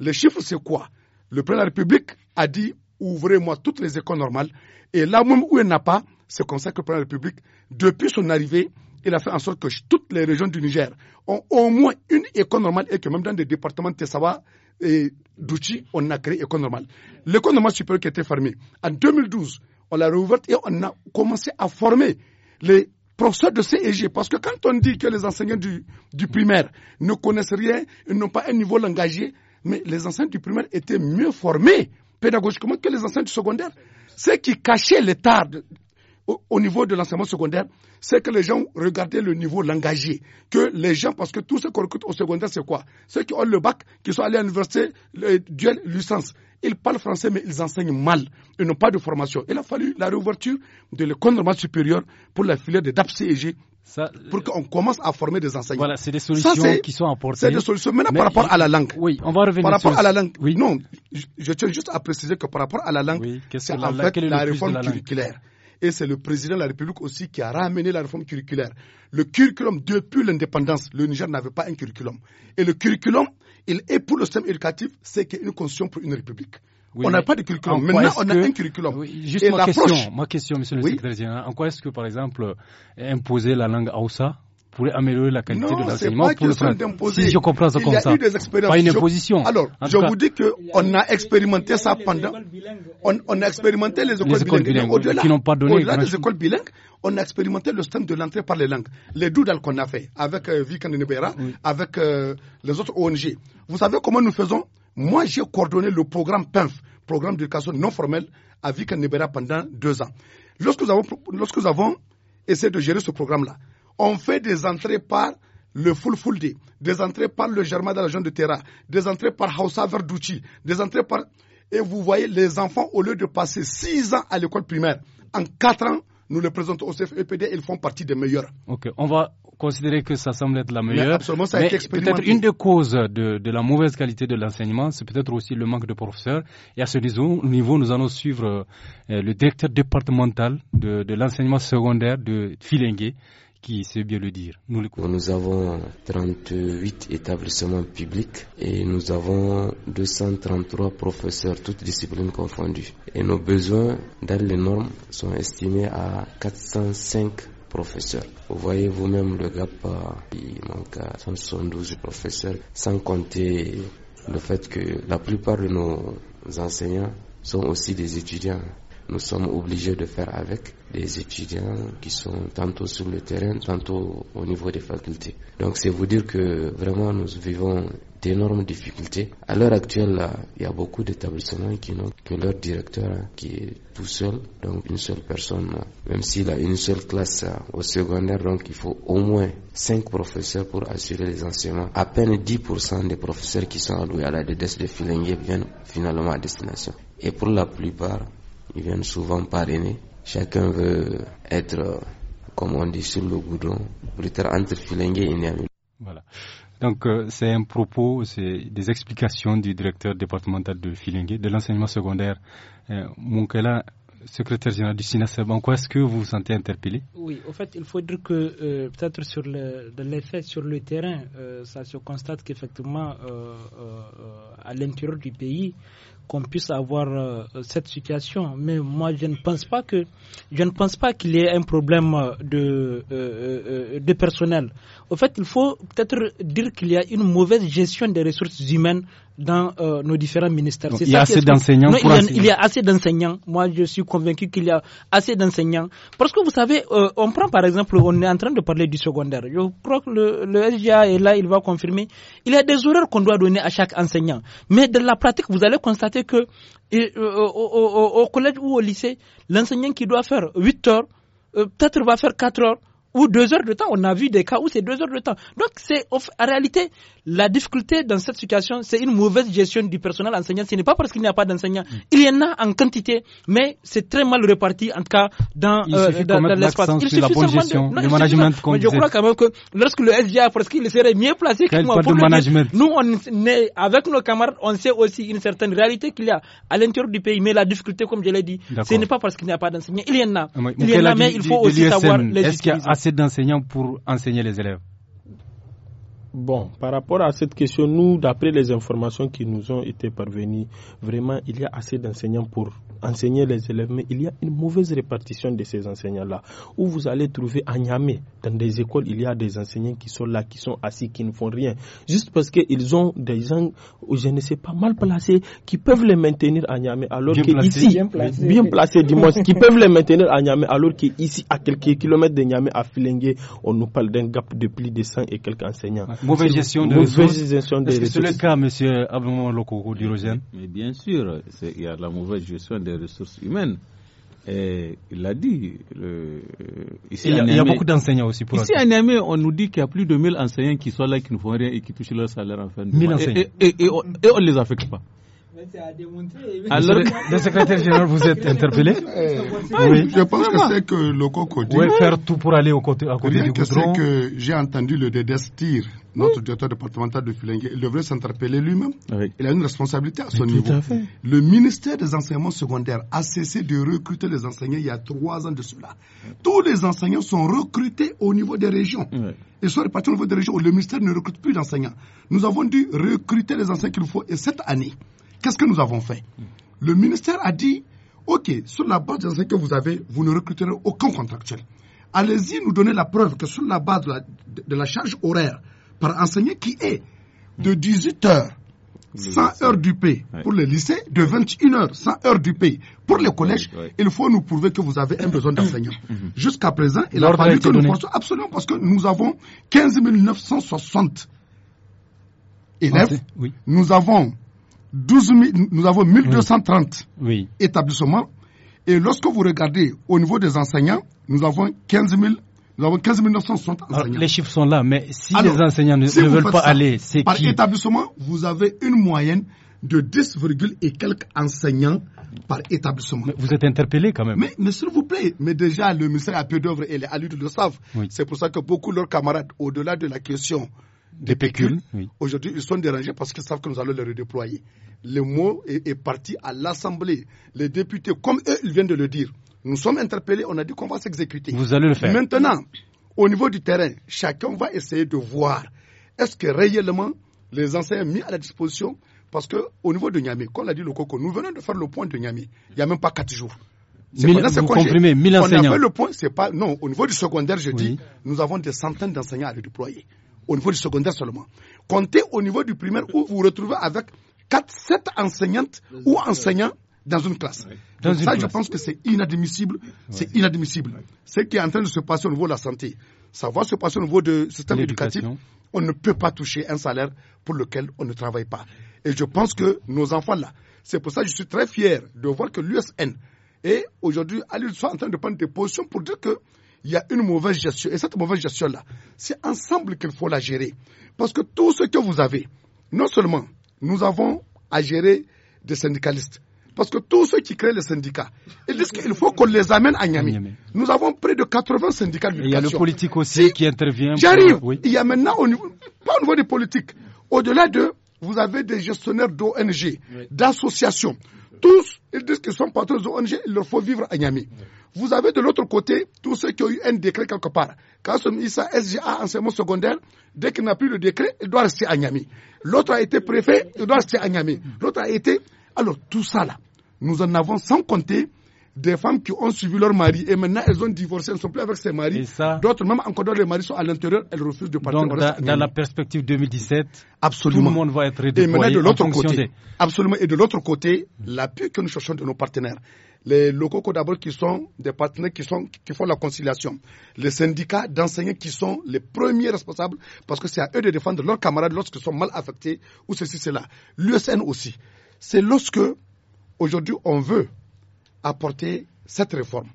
Les chiffres, c'est quoi Le président de la République a dit ouvrez-moi toutes les écoles normales. Et là même où elle n'a pas, c'est comme ça que le président de la République, depuis son arrivée, il a fait en sorte que toutes les régions du Niger ont au moins une école normale et que même dans des départements de Tessawa, et d'outils, on a créé École normale. L'école normale supérieure qui était fermée, en 2012, on l'a rouverte et on a commencé à former les professeurs de CEG. Parce que quand on dit que les enseignants du, du primaire ne connaissent rien, ils n'ont pas un niveau langagier, mais les enseignants du primaire étaient mieux formés pédagogiquement que les enseignants du secondaire. Ce qui cachait l'état de, au, niveau de l'enseignement secondaire, c'est que les gens regardaient le niveau langagier. Que les gens, parce que tous ceux qu'on recrute au secondaire, c'est quoi Ceux qui ont le bac, qui sont allés à l'université, le duel, licence. Ils parlent français, mais ils enseignent mal. Ils n'ont pas de formation. Il a fallu la réouverture de l'école normale supérieure pour la filière de et ça, pour euh, qu'on commence à former des enseignants. Voilà, c'est des solutions qui sont apportées. C'est des solutions. Maintenant, par rapport à la langue. Oui, on va revenir Par rapport à la langue. Oui. Non, je, tiens juste à préciser que par rapport à la langue, c'est en la, fait la réforme curriculaire et c'est le président de la République aussi qui a ramené la réforme curriculaire. Le curriculum, depuis l'indépendance, le Niger n'avait pas un curriculum. Et le curriculum, il est pour le système éducatif, c'est qu'une constitution pour une république. on n'a pas de curriculum. Maintenant, on a un curriculum. juste ma, question, monsieur le secrétaire en quoi est-ce que, par exemple, euh, imposer la langue Hausa pourrait améliorer la qualité de l'enseignement pour le Si je comprends ça comme ça, pas une imposition. Alors, je vous dis qu'on a expérimenté ça pendant. On, a expérimenté les écoles, bilingues, au-delà, qui n'ont pas des écoles bilingues, on a expérimenté le système de l'entrée par les langues. Les doudales qu'on a fait avec euh, Vikan avec euh, les autres ONG. Vous savez comment nous faisons Moi, j'ai coordonné le programme PENF, programme d'éducation non formelle, à Vikan pendant deux ans. Lorsque lorsque nous avons essayé de gérer ce programme-là, on fait des entrées par le Fulfulde, des entrées par le Germain de la Jeune de Terra, des entrées par Hausa Verduchi, des entrées par. Et vous voyez, les enfants, au lieu de passer six ans à l'école primaire, en quatre ans, nous les présentons au CFEPD, ils font partie des meilleurs. Ok, on va considérer que ça semble être la meilleure. Mais absolument, ça a Peut-être une des causes de, la mauvaise qualité de l'enseignement, c'est peut-être aussi le manque de professeurs. Et à ce niveau, nous allons suivre euh, le directeur départemental de, l'enseignement secondaire de Filengué qui sait bien le dire nous, avons 38 établissements publics et nous avons 233 professeurs, toutes disciplines confondues. Et nos besoins dans les normes sont estimés à 405 professeurs. Vous voyez vous-même le gap, euh, il manque à 172 professeurs, sans compter le fait que la plupart de nos enseignants sont aussi des étudiants nous sommes obligés de faire avec des étudiants qui sont tantôt sur le terrain, tantôt au niveau des facultés. Donc c'est vous dire que vraiment nous vivons d'énormes difficultés. À l'heure actuelle, là, il y a beaucoup d'établissements qui n'ont que leur directeur qui est tout seul, donc une seule personne. Même s'il a une seule classe au secondaire, donc il faut au moins cinq professeurs pour assurer les enseignements. À peine 10% des professeurs qui sont alloués à la DDS de Filengue viennent finalement à destination. Et pour la plupart, ils viennent souvent parrainer. Chacun veut être, comme on dit, sur le goudron. Voilà. Donc, euh, c'est un propos, c'est des explications du directeur départemental de Filingue, de l'enseignement secondaire, euh, secrétaire général du SINASEB. En quoi est-ce que vous vous sentez interpellé Oui, en fait, il faut dire que euh, peut-être sur le, de l'effet sur le terrain, euh, ça se constate qu'effectivement, à l'intérieur du pays, qu'on puisse avoir euh, cette situation. Mais moi, je ne pense pas que je ne pense pas qu'il y ait un problème de euh, euh, de personnel. Au fait, il faut peut-être dire qu'il y a une mauvaise gestion des ressources humaines dans euh, nos différents ministères. il, y a assez d'enseignants il, il, y a assez d'enseignants. Moi, je suis convaincu qu'il y a assez d'enseignants. Parce que vous savez, euh, on prend par exemple, on est en train de parler du secondaire. Je crois que le, le SGA est là, il va confirmer. Il y a des horaires qu'on doit donner à chaque enseignant. Mais dans la pratique, vous allez constater que euh, au, au, collège ou au lycée, l'enseignant qui doit faire 8 heures, peut-être va faire 4 heures ou deux heures de temps. On a vu des cas où c'est deux heures de temps. Donc, c'est en réalité la difficulté dans cette situation, c'est une mauvaise gestion du personnel enseignant. Ce n'est pas parce qu'il n'y a pas d'enseignants. Il y en a en quantité, mais c'est très mal réparti, en tout cas, dans, euh, l'espace. Il la bonne gestion, le management Je crois quand même que lorsque le SGA, parce qu'il serait mieux placé pour management. nous, on est, avec nos camarades, on sait aussi une certaine réalité qu'il y a à l'intérieur du pays. Mais la difficulté, comme je l'ai dit, ce n'est pas parce qu'il n'y a pas d'enseignants. Il y en a. Ah il y en a, mais il faut aussi savoir les Est-ce qu'il y a assez d'enseignants pour enseigner les élèves Bon, par rapport à cette question, nous, d'après les informations qui nous ont été parvenues, vraiment, il y a assez d'enseignants pour enseigner les élèves, mais il y a une mauvaise répartition de ces enseignants-là. Où vous allez trouver à Niamey, dans des écoles, il y a des enseignants qui sont là, qui sont assis, qui ne font rien, juste parce qu'ils ont des gens, je ne sais pas, mal placés, qui peuvent les maintenir à Niamey, alors qu'ici bien placés, qui peuvent les maintenir à Niamey, alors qu'ici, à quelques kilomètres de Niamey, à Filingue, on nous parle d'un gap de plus de 100 et quelques enseignants. Mauvaise gestion des ressources. Est-ce que c'est le cas, M. Abdoumou Lokoko Mais bien sûr, il y a la mauvaise gestion des ressources humaines. Et il l'a dit. Euh, il, y a, beaucoup d'enseignants aussi pour Ici à Niamey, on nous dit qu'il y a plus de 1000 enseignants qui sont là, qui ne font rien et qui touchent leur salaire en fin de mois. Et, et, on ne les affecte pas. Alors, ah, le secrétaire général, vous êtes interpellé eh, Oui, je pense que c'est que le cocodile. Oui, faire tout pour aller au côté, à côté du que c'est que j'ai entendu le dédestir, notre directeur départemental de Filingue, il devrait s'interpeller lui-même. Il a une responsabilité à son niveau. Le ministère des enseignements secondaires a cessé de recruter les enseignants il y a trois ans de cela. Tous les enseignants sont recrutés au niveau des régions. Ils sont répartis au niveau des régions. Le ministère ne recrute plus d'enseignants. Nous avons dû recruter les enseignants qu'il faut. Et cette année, Qu'est-ce que nous avons fait hmm. Le ministère a dit Ok, sur la base des enseignants que vous avez, vous ne recruterez aucun contractuel. Allez-y nous donner la preuve que sur la base de la, charge horaire par enseignant qui est de 18 hmm. heures 100 heures du pays pour les lycées, de 21 heures, 100 heures du pays pour les collèges. Il faut nous prouver que vous avez un besoin d'enseignants. Mhm. Jusqu'à présent, il a fallu que nous fassions absolument parce que nous avons 15 960 élèves. Nous avons nous avons 1230 établissements. Et lorsque vous regardez au niveau des enseignants, nous avons 15 nous enseignants. les chiffres sont là, mais si les enseignants ne, veulent pas aller, c'est Par établissement, vous avez une moyenne de 10, et quelques enseignants par établissement. vous êtes interpellé quand même. Mais, s'il vous plaît, mais déjà le ministère a peu d'œuvre et les alliés le savent. C'est pour ça que beaucoup de leurs camarades, au-delà de la question des pécules. Aujourd'hui, ils sont dérangés parce qu'ils savent que nous allons les redéployer. Le mot est, parti à l'Assemblée. Les députés, comme eux, ils viennent de le dire. Nous sommes interpellés, on a dit qu'on va s'exécuter. Vous allez le faire. Maintenant, au niveau du terrain, chacun va essayer de voir est-ce que réellement les enseignants mis à la disposition, parce qu'au niveau de Niamey, comme l'a dit le Coco, nous venons de faire le point de Niamey, il n'y a même pas quatre jours. enseignants. a fait le point, c'est pas, non, au niveau du secondaire, je dis, nous avons des centaines d'enseignants à redéployer au niveau du secondaire seulement. Comptez au niveau du primaire où vous vous retrouvez avec 4, 7 enseignantes ou enseignants dans une classe. ça, je pense que c'est inadmissible. C'est inadmissible. Ce qui est en train de se passer au niveau de la santé, ça va se passer au niveau du système éducatif. On ne peut pas toucher un salaire pour lequel on ne travaille pas. Et je pense que nos enfants-là, c'est pour ça que je suis très fier de voir que l'USN est aujourd'hui, elle en train de prendre des positions pour dire que il y a une mauvaise gestion. Et cette mauvaise gestion-là, c'est ensemble qu'il faut la gérer. Parce que tout ce que vous avez, non seulement nous avons à gérer des syndicalistes, parce que tous ceux qui créent les syndicats, ils disent qu'il faut qu'on les amène à Niamey. Nous avons près de 80 syndicats de Il y a le politique aussi qui intervient. J'arrive. Il y a maintenant, pas au niveau des politiques, au-delà de, vous avez des gestionnaires d'ONG, d'associations. Tous, ils disent qu'ils sont patrons de ONG, il leur faut vivre à Niamey. Vous avez de l'autre côté tous ceux qui ont eu un décret quelque part. Kassoum Issa, SGA, enseignement secondaire, dès qu'il n'a plus le décret, il doit rester à Niamey. L'autre a été préfet, il doit rester à Niamey. L'autre a été... Alors, tout ça là, nous en avons sans compter des femmes qui ont suivi leur mari et maintenant elles ont divorcé, elles ne sont plus avec ses maris. D'autres, même encore d'autres, les maris sont à l'intérieur, elles refusent de partir. Donc, dans, la perspective 2017, Absolument. tout le monde va être redéployé. Et de l'autre côté, absolument. Et de l'autre côté, l'appui que nous cherchons de nos partenaires. Les locaux d'abord qui sont des partenaires qui, sont, qui font la conciliation. Les syndicats d'enseignants qui sont les premiers responsables parce que c'est à eux de défendre leurs camarades lorsqu'ils sont mal affectés ou ceci, cela. L'USN aussi. C'est lorsque, aujourd'hui, on veut apporter cette réforme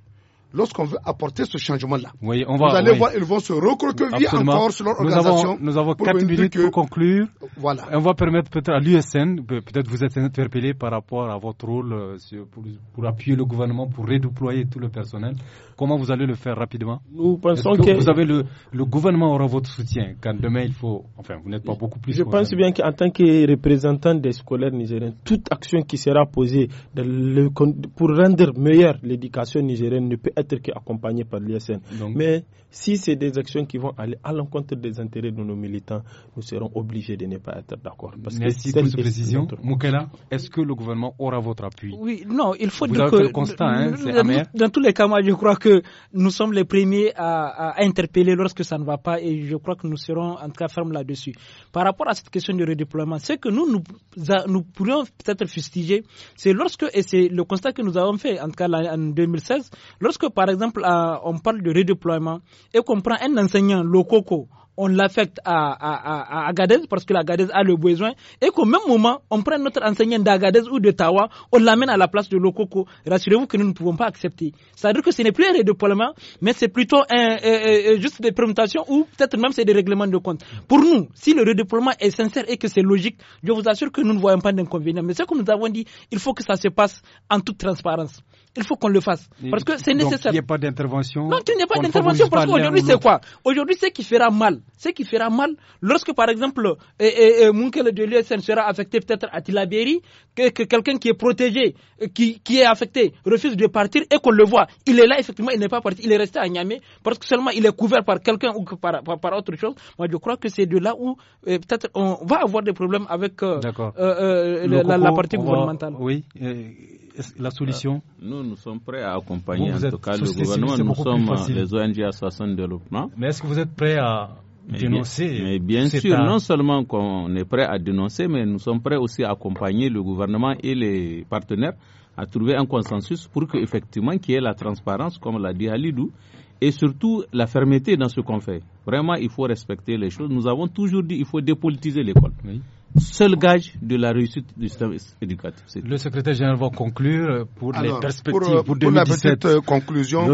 lorsqu'on veut apporter ce changement-là. vous allez voir, ils vont se recroqueviller encore sur leur nous organisation. Avons, nous avons quatre minutes pour conclure. Voilà. on va permettre peut-être à l'USN, peut-être vous êtes interpellé par rapport à votre rôle euh, pour, pour, appuyer le gouvernement, pour redéployer tout le personnel. Comment vous allez le faire rapidement Nous pensons que, vous avez le, le gouvernement aura votre soutien quand demain il faut. Enfin, vous n'êtes pas beaucoup plus. Je pense bien qu'en tant que représentant des scolaires nigériens, toute action qui sera posée pour rendre meilleure l'éducation nigérienne ne peut être qui être par l'ISN. Mais si c'est des actions qui vont aller à l'encontre des intérêts de nos militants, nous serons obligés de ne pas être d'accord. Merci pour cette précision. Moukela, est-ce que le gouvernement aura votre appui Oui, non, il faut Vous dire que. Le constat, hein, dans, tous les cas, moi, je crois que nous sommes les premiers à, interpeller lorsque ça ne va pas et je crois que nous serons en tout cas fermes là-dessus. Par rapport à cette question du redéploiement, ce que nous, nous, nous pourrions peut-être fustiger, c'est lorsque, et c'est le constat que nous avons fait en cas en 2016, lorsque par exemple, on parle de redéploiement et qu'on prend un enseignant, lococo, on l'affecte à, Agadez parce que l'Agadez a le besoin et qu'au même moment, on prend notre enseignant d'Agadez ou de Tawa, on l'amène à la place de lococo. Rassurez-vous que nous ne pouvons pas accepter. C'est-à-dire que ce n'est plus un redéploiement, mais c'est plutôt juste des permutations ou peut-être même c'est des règlements de compte. Pour nous, si le redéploiement est sincère et que c'est logique, je vous assure que nous ne voyons pas d'inconvénient. Mais ce que nous avons dit, il faut que ça se passe en toute transparence il faut qu'on le fasse. Parce que c'est nécessaire. il n'y a pas d'intervention. Non, il n'y a pas d'intervention parce qu'aujourd'hui, c'est quoi Aujourd'hui, ce qui fera mal, ce qui fera mal, lorsque par exemple, et, de l'USN sera affecté peut-être à Tilaberi, que, quelqu'un qui est protégé, qui, est affecté, refuse de partir et qu'on le voit. Il est là, effectivement, il n'est pas parti, il est resté à Niamey parce que seulement il est couvert par quelqu'un ou par, autre chose. Moi, je crois que c'est de là où euh, peut-être on va avoir des problèmes avec euh, euh, la, partie gouvernementale. oui la solution euh, Nous, nous sommes prêts à accompagner en tout cas le gouvernement. nous sommes les ONG à de Développement. Mais est-ce que vous êtes prêts à dénoncer bien, Mais bien sûr, non seulement qu'on est prêt à dénoncer, mais nous sommes prêts aussi à accompagner le gouvernement et les partenaires à trouver un consensus pour qu'effectivement qu'il y ait la transparence, comme l'a dit Alidou, et surtout la fermeté dans ce qu'on fait. Vraiment, il faut respecter les choses. Nous avons toujours dit qu'il faut dépolitiser l'école. Oui seul gage de la réussite du système éducatif. Le secrétaire général va conclure pour les perspectives pour, 2017. Euh, pour la petite euh, conclusion,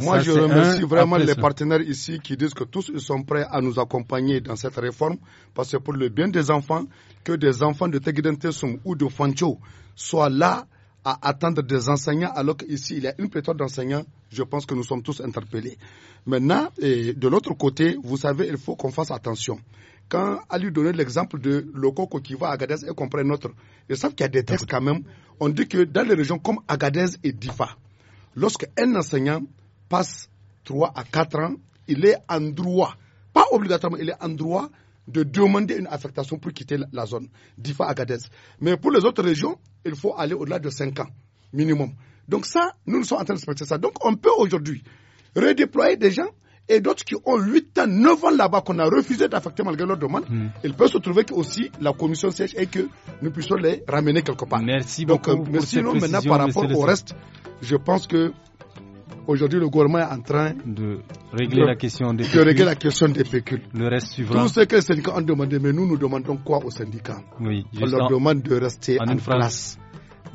Moi, je remercie vraiment les partenaires ici qui disent que tous ils sont prêts à nous accompagner dans cette réforme parce que pour le bien des enfants, que des enfants de Tegidentesum ou de Fancho soient là à attendre des enseignants alors qu'ici il y a une pléthore d'enseignants, je pense que nous sommes tous interpellés. Maintenant, et de l'autre côté, vous savez, il faut qu'on fasse attention. Quand à lui donner l'exemple de Lococo qui va à Agadez et qu'on prend notre, ils savent qu'il y a des textes quand même. On dit que dans les régions comme Agadez et Difa, lorsque un enseignant passe 3 à 4 ans, il est en droit, pas obligatoirement, il est en droit de demander une affectation pour quitter la zone, Difa Agadez. Mais pour les autres régions, il faut aller au-delà de 5 ans minimum. Donc ça, nous, nous sommes en train de respecter ça. Donc on peut aujourd'hui redéployer des gens et d'autres qui ont 8 ans, 9 ans là-bas qu'on a refusé d'affecter malgré leur demande, hmm. ils il peut se trouver que aussi la commission sèche et que nous puissions les ramener quelque part. Merci beaucoup. Donc, euh, maintenant, par rapport au reste, je pense que aujourd'hui, le gouvernement est en train de régler, la, question des de régler la question des pécules. Le reste suivant. Tout ce que les syndicats ont demandé, mais nous, nous demandons quoi aux syndicats oui, On leur demande de rester en, en place,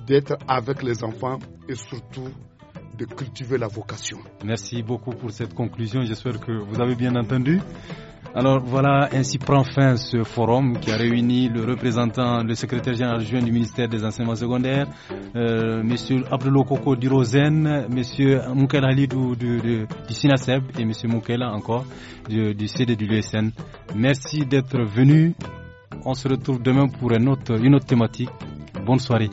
d'être avec les enfants et surtout de cultiver la vocation. Merci beaucoup pour cette conclusion. J'espère que vous avez bien entendu. Alors voilà, ainsi prend fin ce forum qui a réuni le représentant, le secrétaire général adjoint du ministère des enseignements secondaires, euh, M. Abdelokoko ROSEN, M. Moukela Ali du, du, SINASEB et M. Moukela encore du, CD du l'USN. Merci d'être venu. On se retrouve demain pour une autre thématique. Bonne soirée.